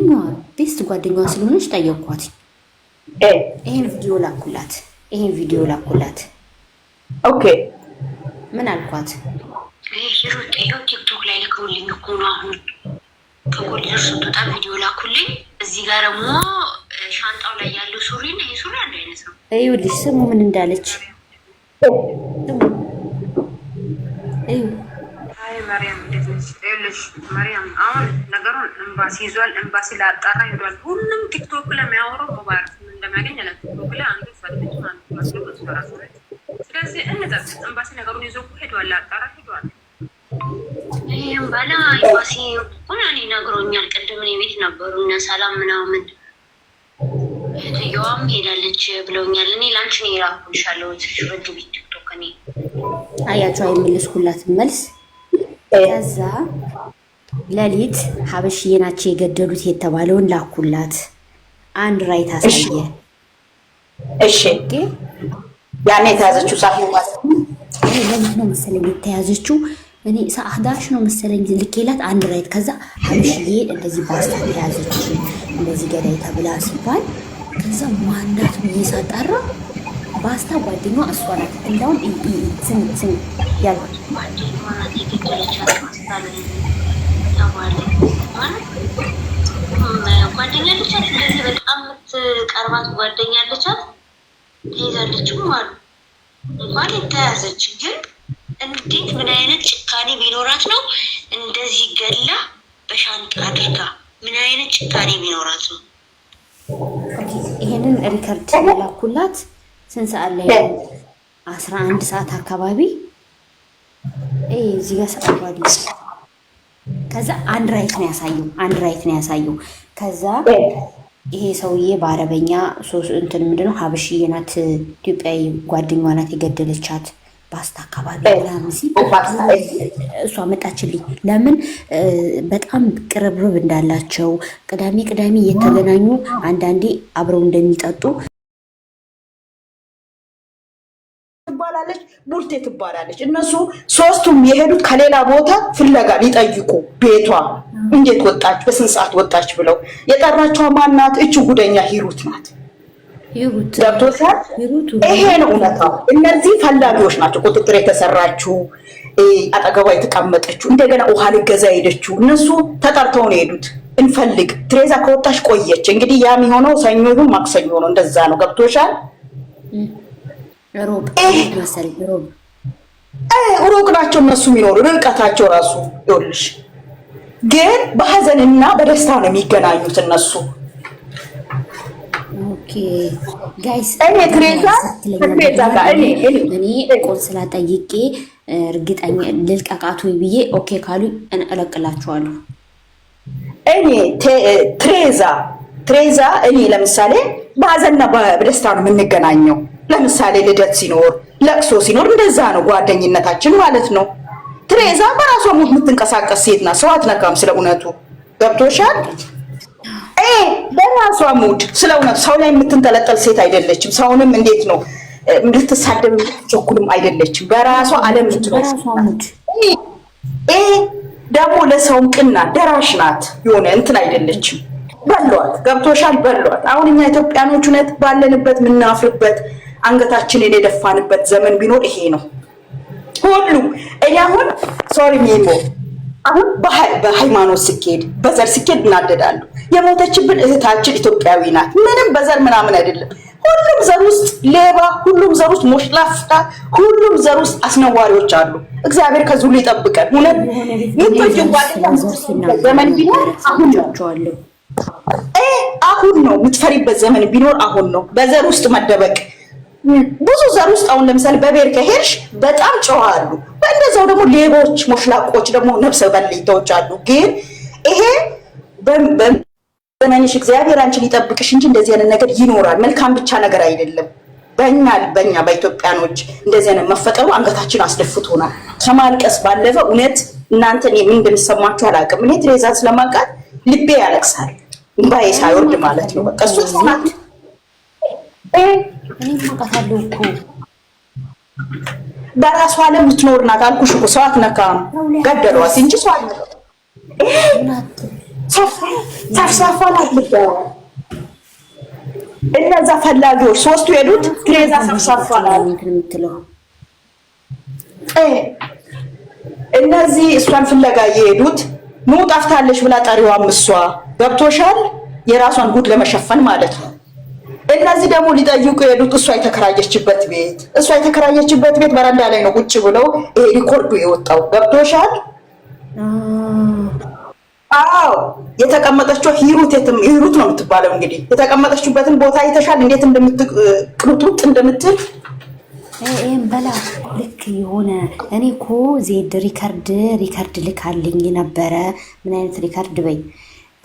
ጓደኛዋ ቤስት ጓደኛዋ ስለሆነች ጠየኳት። ይሄን ቪዲዮ ላኩላት፣ ይሄን ቪዲዮ ላኩላት። ኦኬ ምን አልኳት? ሂሩት ቲክቶክ ላይ ልከውልኝ እኮ ነው አሁን ከኮሌጅ ስትወጣ ቪዲዮ ላኩልኝ። እዚህ ጋር ደግሞ ሻንጣው ላይ ያለው ሱሪ እና ይሄ ሱሪ አንድ አይነት ነው። ይኸውልሽ ስሙ ምን እንዳለች ማርያም እንዴት ነች? ይኸውልሽ ማርያም አሁን ነገሩን ኤምባሲ ይዟል። ኤምባሲ ላጣራ ሄዷል። ሁሉም ቲክቶክ ለሚያወራው ሙባረክ እንደሚያገኝ ለ ቲክቶክ ላይ አንዱ ፈልጅ ማለት ስለዚህ እንጠብቅ። ኤምባሲ ነገሩን ይዞ ሄዷል፣ ላጣራ ሄዷል። ይህም በላ ኤምባሲ ሁናኔ ነግሮኛል። ቅድም እኔ ቤት ነበሩ እነ ሰላም ምናምን እህትየዋም ሄዳለች ብለውኛል። እኔ ለአንቺ ነው የላኩልሻለሁ ትሽ በድቤት ቲክቶክ እኔ አያቸው የምልሽ መልስ ከዛ ለሊት ሀበሽዬ ናቸው የገደሉት የተባለውን ላኩላት። አንድ ራይት አሳየ። እሺ ያኔ የተያዘችው ሰዓት ለሊት ነው መሰለኝ የተያዘችው። እኔ ነው መሰለኝ ልኬላት አንድ ራይት። ከዛ ሀበሽዬ እንደዚህ ባስታ ተያዘች እንደዚህ ገዳይ ተብላ ሲባል ከዛ ማናት ብዬ ሳጣራ ባስታ ጓደኛዋ እሷ ናት። እንዳውም ስን ያልኩት ጓደኛ ልቻት እንደዚህ በጣም የምትቀርባት ጓደኛ ልቻት ትይዛለችም አሉ እንኳን የተያዘች ግን እንዴት ምን አይነት ጭካኔ ቢኖራት ነው እንደዚህ ገላ በሻንጣ አድርጋ? ምን አይነት ጭካኔ ቢኖራት ነው? ይሄንን ሪከርድ ላኩላት። ስንት ሰዓት ላይ አስራ አንድ ሰዓት አካባቢ እዚህ ጋር አረንጓዴ ከዛ አንድ ራይት ነው ያሳየው። አንድ ራይት ነው ያሳየው። ከዛ ይሄ ሰውዬ በአረበኛ ሶስት እንትን ምንድነው ሀበሽዬ ናት ኢትዮጵያዊ ጓደኛዋ ናት የገደለቻት ባስታ አካባቢ ምናምን ሲል እሷ መጣችልኝ። ለምን በጣም ቅርብርብ እንዳላቸው ቅዳሜ ቅዳሜ እየተገናኙ አንዳንዴ አብረው እንደሚጠጡ ቡልቴ ትባላለች። እነሱ ሶስቱም የሄዱት ከሌላ ቦታ ፍለጋ ሊጠይቁ ቤቷ እንዴት ወጣች፣ በስንት ሰዓት ወጣች ብለው የጠራቸው ማናት? እች ጉደኛ ሂሩት ናት። ገብቶሻል? ይሄ ነው እውነታ። እነዚህ ፈላጊዎች ናቸው። ቁጥጥር የተሰራችው አጠገቧ የተቀመጠችው እንደገና ውሃ ልገዛ ሄደችው። እነሱ ተጠርተው ነው የሄዱት። እንፈልግ ትሬዛ ከወጣች ቆየች። እንግዲህ ያም የሆነው ሰኞ ይሁን ማክሰኞ ነው። እንደዛ ነው። ገብቶሻል? ሩቅ ናቸው እነሱ የሚኖሩ ርቀታቸው ራሱ ይኸውልሽ፣ ግን በሀዘንና በደስታ ነው የሚገናኙት እነሱ እኔ ቆንስላ ጠይቄ እርግጠኛ ልልቀቃቱ ብዬ ኦኬ ካሉ እለቅላችኋለሁ። እኔ ትሬዛ ትሬዛ እኔ ለምሳሌ በሀዘንና በደስታ ነው የምንገናኘው። ለምሳሌ ልደት ሲኖር፣ ለቅሶ ሲኖር እንደዛ ነው ጓደኝነታችን ማለት ነው። ትሬዛ በራሷ ሙድ የምትንቀሳቀስ ሴት ናት። ሰው አትነካም። ስለ እውነቱ ገብቶሻል። በራሷ ሙድ ስለ እውነቱ ሰው ላይ የምትንጠለጠል ሴት አይደለችም። ሰውንም እንዴት ነው እንድትሳደብ ቸኩልም አይደለችም። በራሷ አለም ይህ ደግሞ ለሰውም ቅና ደራሽ ናት። የሆነ እንትን አይደለችም። በሏት ገብቶሻል። በሏት አሁን እኛ ኢትዮጵያኖች እውነት ባለንበት የምናፍርበት አንገታችንን የደፋንበት ዘመን ቢኖር ይሄ ነው። ሁሉ እኔ አሁን ሶሪ ሚሞ አሁን በሃይማኖት ስኬድ በዘር ስኬድ እናደዳሉ። የሞተችብን እህታችን ኢትዮጵያዊ ናት። ምንም በዘር ምናምን አይደለም። ሁሉም ዘር ውስጥ ሌባ፣ ሁሉም ዘር ውስጥ ሞሽላፍታ፣ ሁሉም ዘር ውስጥ አስነዋሪዎች አሉ። እግዚአብሔር ከዚ ሁሉ ይጠብቀን። እውነት ዘመን ቢኖር አሁን ነው። አሁን ነው የምትፈሪበት ዘመን ቢኖር አሁን ነው። በዘር ውስጥ መደበቅ ብዙ ዘር ውስጥ አሁን ለምሳሌ በቤር ከሄድሽ በጣም ጨዋ አሉ። በእንደዛው ደግሞ ሌቦች፣ ሞሽላቆች ደግሞ ነብሰ በልተዎች አሉ። ግን ይሄ በመንሽ እግዚአብሔር አንቺን ሊጠብቅሽ እንጂ እንደዚህ አይነት ነገር ይኖራል። መልካም ብቻ ነገር አይደለም። በእኛ በእኛ በኢትዮጵያኖች እንደዚህ አይነት መፈጠሩ አንገታችን አስደፍቶናል። ከማልቀስ ባለፈ እውነት እናንተ ምን እንደሚሰማችሁ አላውቅም። እኔ ትሬዛን ስለማውቃት ልቤ ያለቅሳል፣ እንባዬ ሳይወርድ ማለት ነው። በቃ እሱ እኔ ማቃታለሁ እኮ በራሷ ዓለም የምትኖር ናት አልኩሽ እኮ ሰው አትነካም። ገደሏት እንጂ ሰው ሰፍሳፋ ናት እነዛ ፈላጊዎች ሶስቱ ሄዱት። ትሬዛ ሰፍሳፋ ናት እነዚህ እሷን ፍለጋ እየሄዱት ኑ ጠፍታለች ብላ ጠሪዋም እሷ ገብቶሻል። የራሷን ጉድ ለመሸፈን ማለት ነው። እነዚህ ደግሞ ሊጠይቁ የሄዱት እሷ የተከራየችበት ቤት እሷ የተከራየችበት ቤት በረንዳ ላይ ነው ቁጭ ብለው ይሄ ሪኮርዱ የወጣው ገብቶሻል? አዎ የተቀመጠችው ሂሩት ሂሩት ነው የምትባለው። እንግዲህ የተቀመጠችበትን ቦታ ይተሻል፣ እንዴት እንደምትቅሩጡጥ እንደምትል ይህም በላ ልክ የሆነ እኔ እኮ ዜድ ሪከርድ ሪከርድ ልካልኝ ነበረ። ምን አይነት ሪከርድ በይ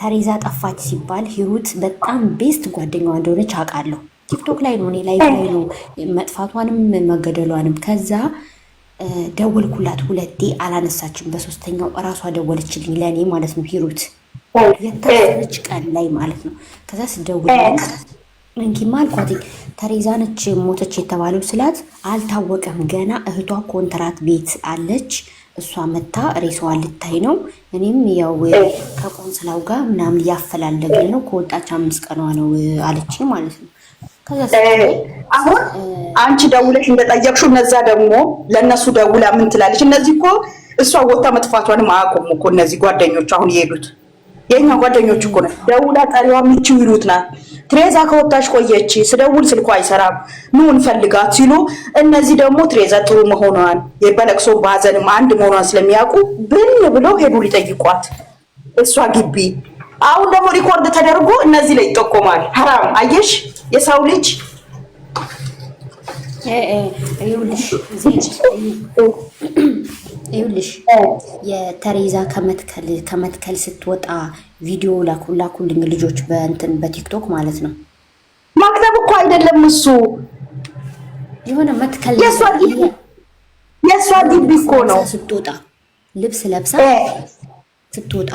ተሬዛ ጠፋች ሲባል ሂሩት በጣም ቤስት ጓደኛዋ እንደሆነች አውቃለሁ። ቲክቶክ ላይ ነው እኔ ላይ ላይ ነው መጥፋቷንም መገደሏንም። ከዛ ደወልኩላት ሁለቴ አላነሳችም። በሶስተኛው እራሷ ደወለችልኝ ለእኔ ማለት ነው ሂሩት የታሰረች ቀን ላይ ማለት ነው። ከዛ ስደውል እንኪማ አልኳት ተሬዛ ነች ሞተች የተባለው ስላት አልታወቀም ገና እህቷ ኮንትራት ቤት አለች እሷ መታ ሬሳዋ ልታይ ነው። እኔም ያው ከቆንስላው ጋር ምናምን እያፈላለግን ነው። ከወጣች አምስት ቀኗ ነው አለች ማለት ነው። አሁን አንቺ ደውለሽ እንደጠየቅሽው እነዛ ደግሞ ለእነሱ ደውላ ምን ትላለች? እነዚህ እኮ እሷ ወታ መጥፋቷንም አያውቁም እኮ እነዚህ ጓደኞች አሁን የሄዱት የኛ ጓደኞች እኮ ነው። ደውላ ጠሪዋ ምችው ይሉት ናት ትሬዛ ከወጣች ቆየች፣ ስደውል ስልኩ አይሰራም፣ ምን እንፈልጋት ሲሉ እነዚህ ደግሞ ትሬዛ ጥሩ መሆኗን በለቅሶ በሀዘንም አንድ መሆኗን ስለሚያውቁ ብን ብለው ሄዱ ሊጠይቋት እሷ ግቢ። አሁን ደግሞ ሪኮርድ ተደርጎ እነዚህ ላይ ይጠቆማል። ሀራም አየሽ፣ የሰው ልጅ ይኸውልሽ የተሬዛ ከመትከል ከመትከል ስትወጣ ቪዲዮ ላኩልኝ ልጆች በእንትን በቲክቶክ ማለት ነው። ማክተብ እኮ አይደለም እሱ የሆነ መትከል የእሷ ግቢ እኮ ነው። ስትወጣ ልብስ ለብሳ ስትወጣ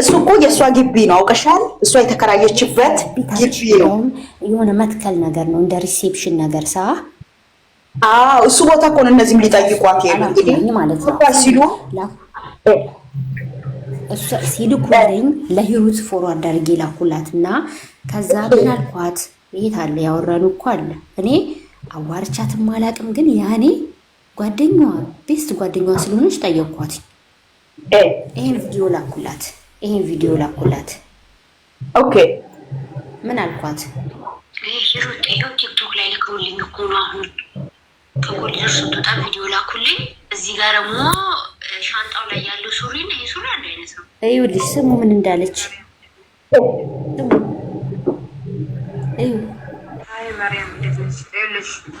እሱ እኮ የእሷ ግቢ ነው። አውቀሻል? እሷ የተከራየችበት ግቢ ነው። የሆነ መትከል ነገር ነው፣ እንደ ሪሴፕሽን ነገር ሳ እሱ ቦታ እኮ ነው። እነዚህም ሊጠይቋት ነው እንግዲህ ማለት ነው ሲሉ ሲልኩልኝ ለህይወት ፎሮ አዳርጌ ላኩላት እና ከዛ ምን አልኳት፣ የት አለ ያወራኑ እኮ አለ እኔ አዋርቻትም አላቅም፣ ግን ያኔ ጓደኛዋ ቤስት ጓደኛዋ ስለሆነች ጠየኳት። ይሄን ቪዲዮ ላኩላት፣ ይሄን ቪዲዮ ላኩላት። ኦኬ ምን አልኳት፣ ሂሩት ቲክቶክ ላይ ልክሉልኝ እኮ ነው አሁን ከኮሌጅ ስትወጣ ቪዲዮ ላኩልኝ። እዚህ ጋር ደግሞ ሻንጣው ላይ ያለው ሱሪ ነው። ይሄ ሱሪ ይኸውልሽ ስሙ ምን እንዳለች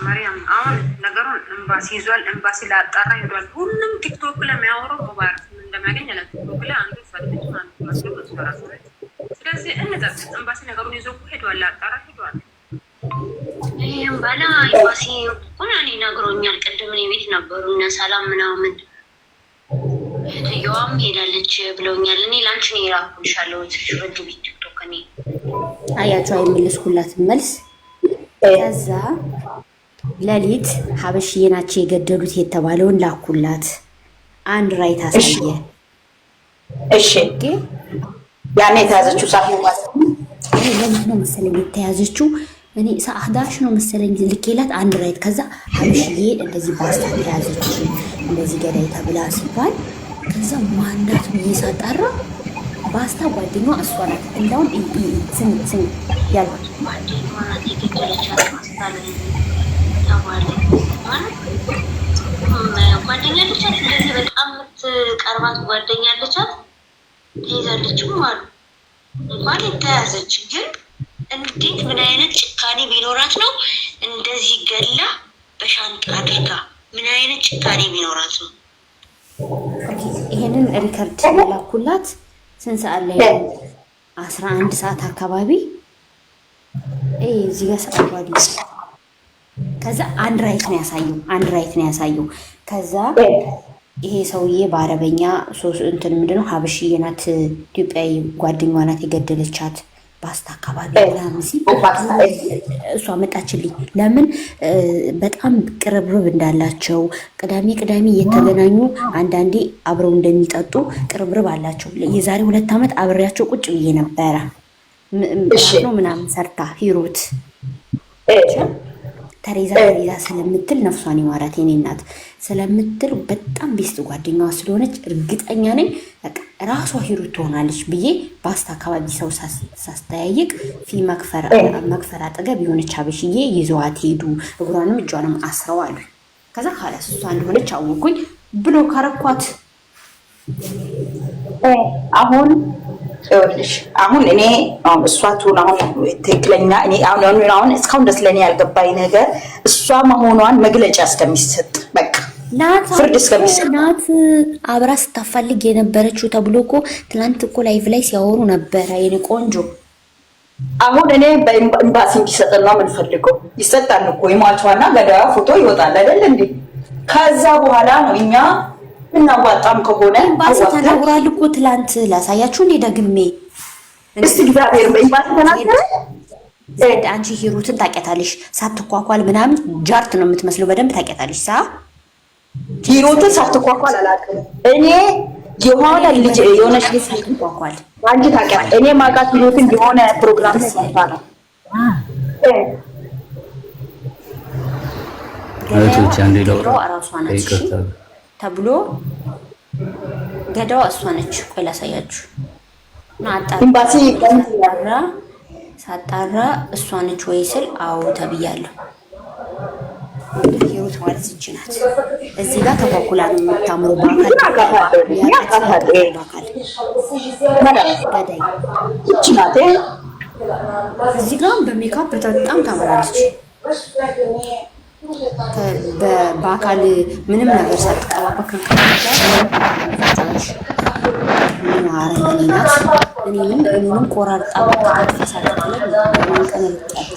ማርያም አሁን ነገሩን ኤምባሲ ይዟል። ኤምባሲ ላጣራ ሄዷል። ሁሉም ቲክቶክ ለሚያወራው ሙባረክ እንደሚያገኝ ለቲክቶክ ላይ አንዱ ፈልጅ ማለት ነው። ስለዚህ እንጠጥ ኤምባሲ ነገሩን ይዞ ሄዷል፣ ላጣራ ሄዷል። ይህም በላ ኤምባሲ እኮ እኔ ነግሮኛል። ቅድም እኔ ቤት ነበሩ እነ ሰላም ምናምን እህትየዋም ሄዳለች ብለውኛል። እኔ ለአንቺ ነው የላኩልሻለሁ ስልሽ ቲክቶክ እኔ አያቸው አይመለስኩላት መልስ። ከዛ ለሊት ሀበሽዬ ናቸው የገደሉት የተባለውን ላኩላት። አንድ ራይት አሳየ። እሺ ያኔ የተያዘችው ሳ ለምን ነው መሰለኝ የተያዘችው እኔ ሰአዳሽ ነው መሰለኝ ልኬላት አንድ ራይት። ከዛ ሀበሽዬ እንደዚህ ባስታ ያዘች እንደዚህ ገዳይ ተብላ ሲባል ከዛ ማንዳት ብዬ ሳጣራ በአስታ ጓደኛዋ እሷ ናት። እንዳውም ስሚ ስሚ ያልኳት ጓደኛ ልቻት እንደዚህ በጣም የምትቀርባት ጓደኛ ልቻት ትይዛለችም አሉ። እንኳን የተያዘች ግን እንዴት ምን አይነት ጭካኔ ቢኖራት ነው እንደዚህ ገላ በሻንጣ አድርጋ ምን አይነት ጭካኔ ቢኖራት ነው? ይሄንን ሪከርድ ላኩላት። ስንት ሰዓት ላይ? አስራ አንድ ሰዓት አካባቢ እዚህ ጋር ሰዓት ከዛ አንድ ራይት ነው ያሳየው፣ አንድ ራይት ነው ያሳየው። ከዛ ይሄ ሰውዬ በአረበኛ እንትን ምንድነው ሀበሽዬ ናት፣ ኢትዮጵያዊ ጓደኛዋ ናት የገደለቻት ፓስታ አካባቢ እሷ መጣችልኝ። ለምን በጣም ቅርብርብ እንዳላቸው ቅዳሜ ቅዳሜ እየተገናኙ አንዳንዴ አብረው እንደሚጠጡ ቅርብርብ አላቸው። የዛሬ ሁለት ዓመት አብሬያቸው ቁጭ ብዬ ነበረ ምናምን ሰርታ ሂሩት ተሬዛ ተሬዛ ስለምትል ነፍሷን ይማራት የኔ እናት ስለምትል በጣም ቤስት ጓደኛዋ ስለሆነች እርግጠኛ ነኝ ራሷ ሂሩ ትሆናለች ብዬ በአስታ አካባቢ ሰው ሳስተያየቅ ፊ መክፈር አጠገብ የሆነች አበሽዬ ይዘዋት ሄዱ። እግሯንም እጇንም አስረው አሉ። ከዛ ካላስ እሷ እንደሆነች አወኩኝ ብሎ ከረኳት አሁን ይኸውልሽ አሁን እኔ እሷቱን አሁን ትክክለኛ አሁን እስካሁን ደስ ለእኔ ያልገባኝ ነገር እሷ መሆኗን መግለጫ እስከሚሰጥ በቃ ናት አብራ ስታፋልግ የነበረችው ተብሎ እኮ ትላንት እኮ ላይቭ ላይ ሲያወሩ ነበረ። የኔ ቆንጆ አሁን እኔ በኤምባሲ ነው የምንፈልገው ይሰጣል እኮ የሟቿና ገዳዋ ፎቶ ይወጣል አይደል እንዴ? ከዛ በኋላ ነው እኛ እናዋጣም ከሆነ ኤምባሲ ተናግሯል እኮ ትላንት። ላሳያችሁ እንዴ ደግሜ። እስቲ እግዚአብሔር በኤምባሲ ተናገረ። አንቺ ሂሩትን ታውቂያታለሽ፣ ሳትኳኳል ምናምን ጃርት ነው የምትመስለው። በደንብ ታውቂያታለሽ። ሳ ሂሩትን ሳትኳኳል አላውቅም እኔ የሆነ ልጅ የሆነች ልጅ ሳትኳኳል አንቺ ታውቂያለሽ። እኔ ማውቃት ሂሩትን የሆነ ፕሮግራም ሲፋ ነው አይቶች አንዴ ለውራ ራሷ ናት ተብሎ ገዳዋ እሷ ነች። ቆይ ላሳያችሁ። ሳጣራ እሷ ነች ወይ ስል አዎ ተብያለሁ። ሂሩት ማለት ይቺ ናት። እዚህ ጋር ተኳኩላ ነው የምታምረው። ባካል ገዳይ ይቺ ናት። እዚህ ጋር በሜካፕ በጣም ታምራለች። በአካል ምንም ነገር ሳትጠባበቅ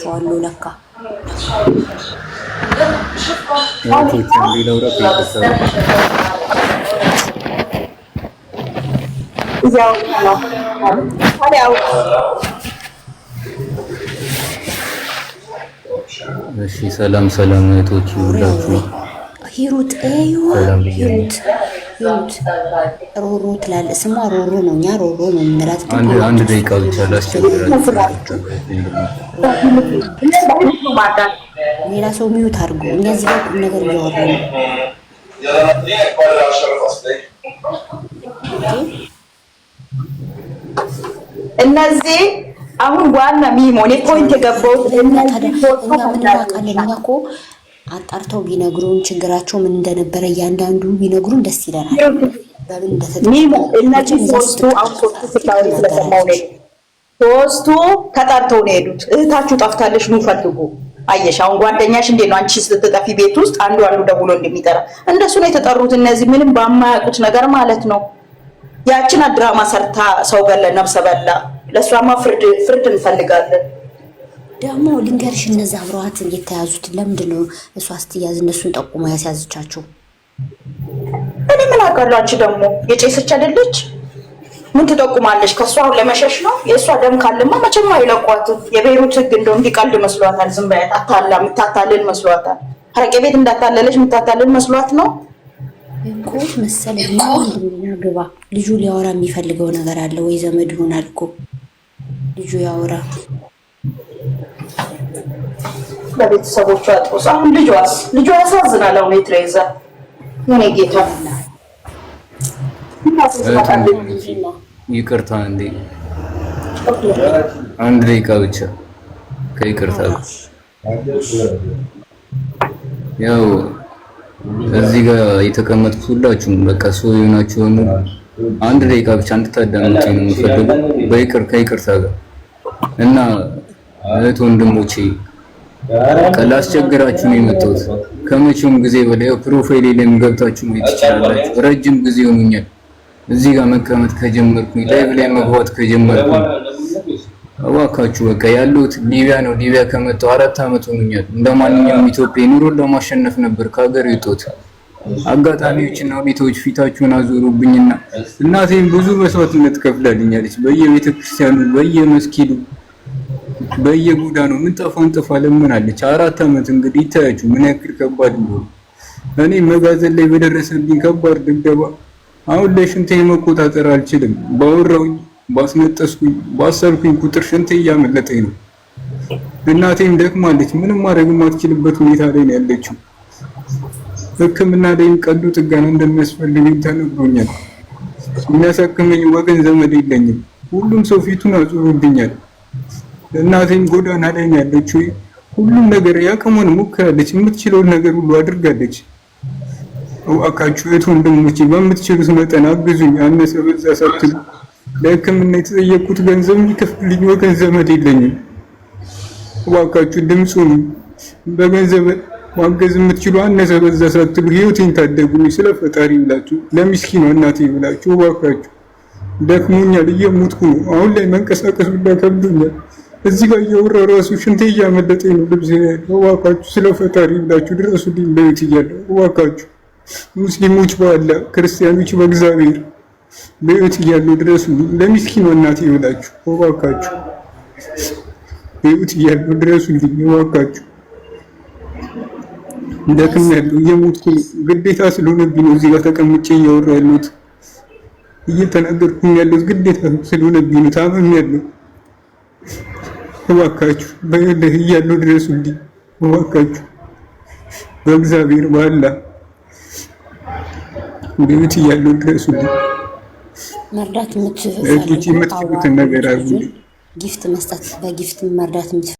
ቆራርጣ ለካ እሺ ሰላም ሰላም እህቶች ሁላችሁ ሂሩት ሂሩት ሮሮ ትላለህ። ስሟ ሮሮ ነው፣ እኛ ሮሮ ነው የምንላት። አንድ አንድ ደቂቃ ብቻ ሌላ ሰው ሚዩት አድርጎ እነዚህ ጋር ቁም ነገር እያወራ ነው። እነዚህ አሁን ዋና ሚሞኔ ፖይንት የገባው ታደቃለኛ አጣርተው ቢነግሩን ችግራቸው ምን እንደነበረ እያንዳንዱ ቢነግሩን ደስ ይለናል። በምን እንደተጠእነዚህ ሶስቱ አውቶቱ ነው። የሄዱት። እህታችሁ ጠፍታለች ኑ ፈልጉ። አየሽ አሁን ጓደኛሽ እንዴት ነው አንቺ ስትጠፊ ቤት ውስጥ አንዱ አንዱ ደውሎ እንደሚጠራ እንደሱ ነው የተጠሩት። እነዚህ ምንም በማያውቁት ነገር ማለት ነው። ያችን አድራማ ሰርታ ሰው በለ ነብሰ በላ ለእሷማ ፍርድ ፍርድ እንፈልጋለን። ደግሞ ልንገርሽ፣ እነዚ አብረዋት የተያዙት ለምንድን ነው? እሷ ስትያዝ እነሱን ጠቁሞ ያስያዘቻቸው? እኔ ምን አውቃለሁ? አንቺ ደግሞ የጨሰች አይደለች? ምን ትጠቁማለች? ከእሷ አሁን ለመሸሽ ነው። የእሷ ደም ካለማ መቼም አይለቋትም። የቤሩት ህግ እንደው እንዲቀልድ መስሏታል። ዝም በያት። አታላ የምታታልል መስሏታል። አረቄ ቤት እንዳታለለች የምታታልል መስሏት ነው እንኮ መሰለኝ። ግባ ልጁ ሊያወራ የሚፈልገው ነገር አለ ወይ ዘመድ ይሆናል እኮ ልጁ ያወራ በቤተሰቦቿ ጦስ። አሁን ልጇስ ልጇ ያሳዝናል። አሁን የትሬዛ የኔ ጌታ ይቅርታ እንዴ አንድ ደቂቃ ብቻ ከይቅርታ ያው እዚህ ጋር የተቀመጥኩት ሁላችሁም በቃ ሰው የሆናችሁ አንድ ደቂቃ ብቻ እንድታዳምጡ ነው የምፈልገው በይቅር ከይቅርታ ጋር እና እህት ወንድሞቼ ላስቸግራችሁ ነው የመጣሁት። ከመቼውም ጊዜ በላይ ፕሮፋይል ላይም ገብታችሁ ማየት ትችላላችሁ። ረጅም ጊዜ ሆኖኛል እዚህ ጋር መቀመጥ ከጀመርኩኝ፣ ላይቭ ላይ መግባት ከጀመርኩኝ። እባካችሁ በቃ ያለሁት ሊቢያ ነው። ሊቢያ ከመጣሁ አራት ዓመት ሆኖኛል። እንደማንኛውም ኢትዮጵያ ኑሮን ለማሸነፍ ነበር ከሀገር የወጣሁት። አጋጣሚዎችና ሁኔታዎች ፊታችሁን አዞሩብኝና እናቴም ብዙ መስዋዕትነት ከፍላልኛለች። በየቤተክርስቲያኑ በየመስጊዱ በየጎዳኑ ምን ጠፋን ጠፋ ለምን አለች። አራት ዓመት እንግዲህ ይታያችሁ ምን ያክል ከባድ እንደሆነ። እኔ መጋዘን ላይ በደረሰብኝ ከባድ ድብደባ አሁን ላይ ሽንቴ መቆጣጠር አልችልም። ባወራውኝ፣ ባስነጠስኩኝ፣ ባሰርኩኝ ቁጥር ሽንቴ እያመለጠኝ ነው። እናቴም ደክማለች። ምንም ማድረግ የማትችልበት ሁኔታ ላይ ነው ያለችው። ሕክምና ላይም ቀዶ ጥገና እንደሚያስፈልገኝ ተነግሮኛል። የሚያሳክመኝ ወገን ዘመድ የለኝም። ሁሉም ሰው ፊቱን አዙሮብኛል። እናቴም ጎዳና ላይ ያለችው ሁሉም ነገር ያቅሟን ሞክራለች። የምትችለውን ነገር ሁሉ አድርጋለች። እባካችሁ እህት ወንድሞች በምትችሉት መጠን አግዙኝ። አነሰ በዛ ሳትሉ ለሕክምና የተጠየቅኩት ገንዘብ የሚከፍልልኝ ወገን ዘመድ የለኝም። እባካችሁ ድምፁን በገንዘብ ማገዝ የምትችሉ አነሰ በዛ ሳትሉ ህይወቴን ታደጉኝ። ስለ ፈጣሪ ብላችሁ ለሚስኪኗ እናቴ ብላችሁ እባካችሁ ደክሞኛል፣ እየሞትኩ ነው። አሁን ላይ መንቀሳቀስ ብላ ከብዶኛል። እዚህ ጋር እያወራ ራሱ ሽንቴ እያመለጠኝ ነው። ልብስ እባካችሁ ስለ ፈጣሪ ብላችሁ ድረሱልኝ ለዩት እያለሁ እባካችሁ ሙስሊሞች በአላ ክርስቲያኖች በእግዚአብሔር ለዩት እያለሁ ድረሱልኝ ለሚስኪን እናቴ ብላችሁ እባካችሁ ለዩት እያለሁ ድረሱልኝ እባካችሁ እንደክም ያለው እየሞትኩ ግዴታ ስለሆነብኝ ነው እዚህ ጋር ተቀምጬ እያወራ ያለሁት እየተናገርኩም ያለሁት ግዴታ ስለሆነብኝ ነው ታመም ያለው እባካችሁ በእንደህ እያሉ ድረሱ እንዲ እባካችሁ በእግዚአብሔር ባላ ወደ ቤት እያሉ ድረሱ እንዲ መርዳት የምትፈልጉት ነገር አሉ። ጊፍት መስጠት በጊፍት መርዳት